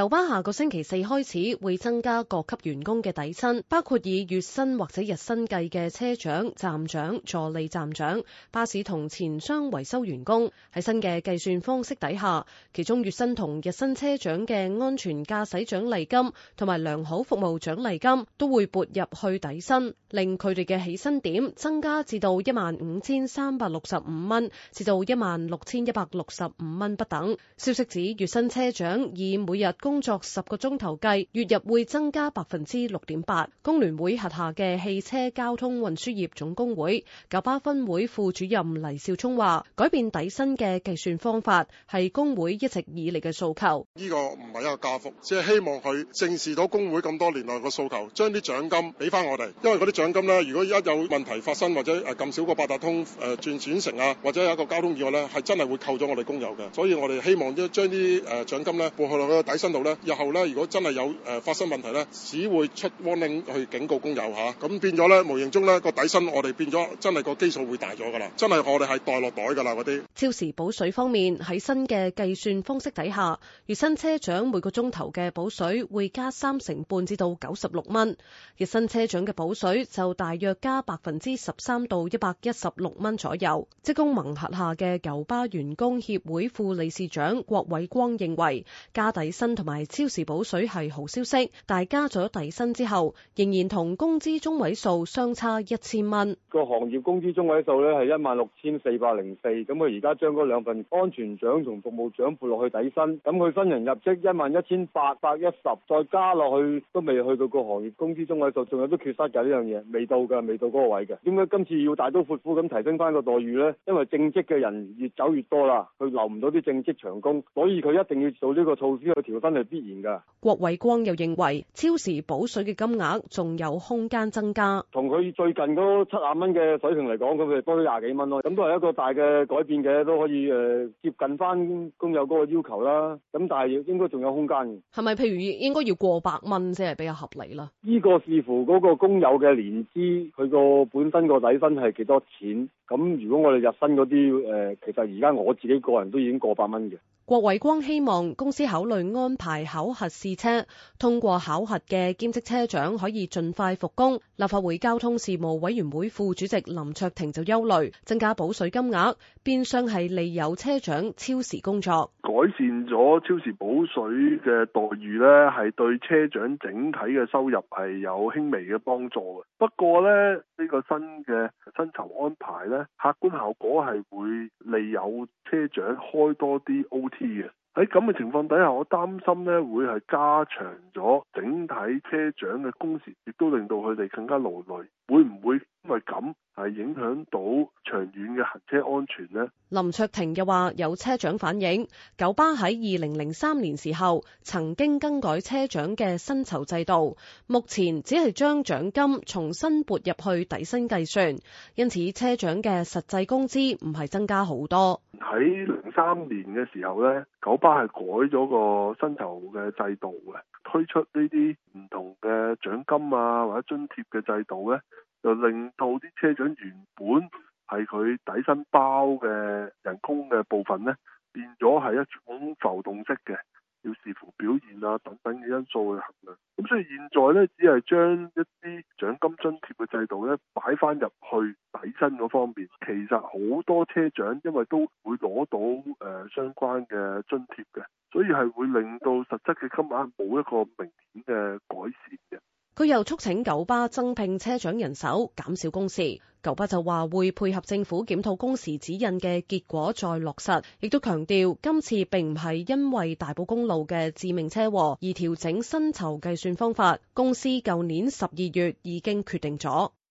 九巴下個星期四開始會增加各級員工嘅底薪，包括以月薪或者日薪計嘅車長、站長、助理站長、巴士同錢箱維修員工。喺新嘅計算方式底下，其中月薪同日薪車長嘅安全駕駛獎勵金同埋良好服務獎勵金都會撥入去底薪，令佢哋嘅起薪點增加至到一萬五千三百六十五蚊至到一萬六千一百六十五蚊不等。消息指，月薪車長以每日工作十個鐘頭計，月入會增加百分之六點八。工聯會轄下嘅汽車交通運輸業總工會九巴分會副主任黎少聰話，改變底薪嘅計算方法係工會一直以嚟嘅訴求。呢個唔係一個加幅，即係希望佢正視到工會咁多年來嘅訴求，將啲獎金俾翻我哋。因為嗰啲獎金咧，如果一有問題發生或者誒咁少個八達通誒轉轉成啊，或者有一個交通意外咧，係真係會扣咗我哋工友嘅。所以我哋希望將啲誒獎金咧撥落去個底薪度。日後咧，如果真係有誒發生問題咧，只會出 warning 去警告工友嚇，咁變咗咧，無形中咧，個底薪我哋變咗真係個基數會大咗㗎啦，真係我哋係袋落袋㗎啦嗰啲。超時補水方面，喺新嘅計算方式底下，月薪車長每個鐘頭嘅補水會加三成半至到九十六蚊，而月薪車長嘅補水就大約加百分之十三到一百一十六蚊左右。職工盟轄下嘅九巴員工協會副理事長郭偉光認為，加底薪，同埋超時補水係好消息，但加咗底薪之後，仍然同工資中位數相差一千蚊。個行業工資中位數咧，係一萬六千四百零四，咁佢而家將嗰兩份安全獎同服務獎撥落去底薪，咁佢新人入職一萬一千八百一十，再加落去都未去到個行業工資中位數，仲有啲缺失嘅呢樣嘢，未到嘅未到嗰個位嘅。點解今次要大刀闊斧咁提升翻個待，待遇咧？因為正職嘅人越走越多啦，佢留唔到啲正職長工，所以佢一定要做呢個措施去調翻。係必然噶郭偉光又認為超時補水嘅金額仲有空間增加，同佢最近嗰七十蚊嘅水平嚟講，咁譬如多咗廿幾蚊咯，咁都係一個大嘅改變嘅，都可以誒接近翻工友個要求啦。咁但係應該仲有空間，係咪？是不是譬如應該要過百蚊先係比較合理啦？呢個視乎嗰個工友嘅年資，佢個本身個底薪係幾多錢？咁如果我哋入新嗰啲誒，其實而家我自己個人都已經過百蚊嘅。郭偉光希望公司考慮安排考核試車，通過考核嘅兼職車長可以盡快復工。立法會交通事務委員會副主席林卓廷就憂慮增加補水金額，變相係利誘車長超時工作。改善咗超時補水嘅待遇咧，係對車長整體嘅收入係有輕微嘅幫助嘅。不過咧，呢、呢個新嘅薪酬安排咧。客觀效果係會利有車長開多啲 OT 嘅，喺咁嘅情況底下，我擔心咧會係加長咗整體車長嘅工時，亦都令到佢哋更加勞累，會唔會？因為咁，係影響到長遠嘅行車安全呢。林卓廷又話，有車長反映，九巴喺二零零三年時候曾經更改車長嘅薪酬制度，目前只係將獎金重新撥入去底薪計算，因此車長嘅實際工資唔係增加好多。喺零三年嘅時候呢，九巴係改咗個薪酬嘅制度嘅，推出呢啲唔同。獎金啊，或者津貼嘅制度呢，就令到啲車長原本係佢底薪包嘅人工嘅部分呢，變咗係一種浮動式嘅，要視乎表現啊等等嘅因素去衡量。咁所以現在呢，只係將一啲獎金津貼嘅制度呢，擺翻入去底薪嗰方面。其實好多車長因為都會攞到、呃、相關嘅津貼嘅，所以係會令到實質嘅金額冇一個明顯嘅改善。佢又促請九巴增聘車長人手，減少工時。九巴就話會配合政府檢討工時指引嘅結果再落實，亦都強調今次並唔係因為大埔公路嘅致命車禍而調整薪酬計算方法。公司舊年十二月已經決定咗。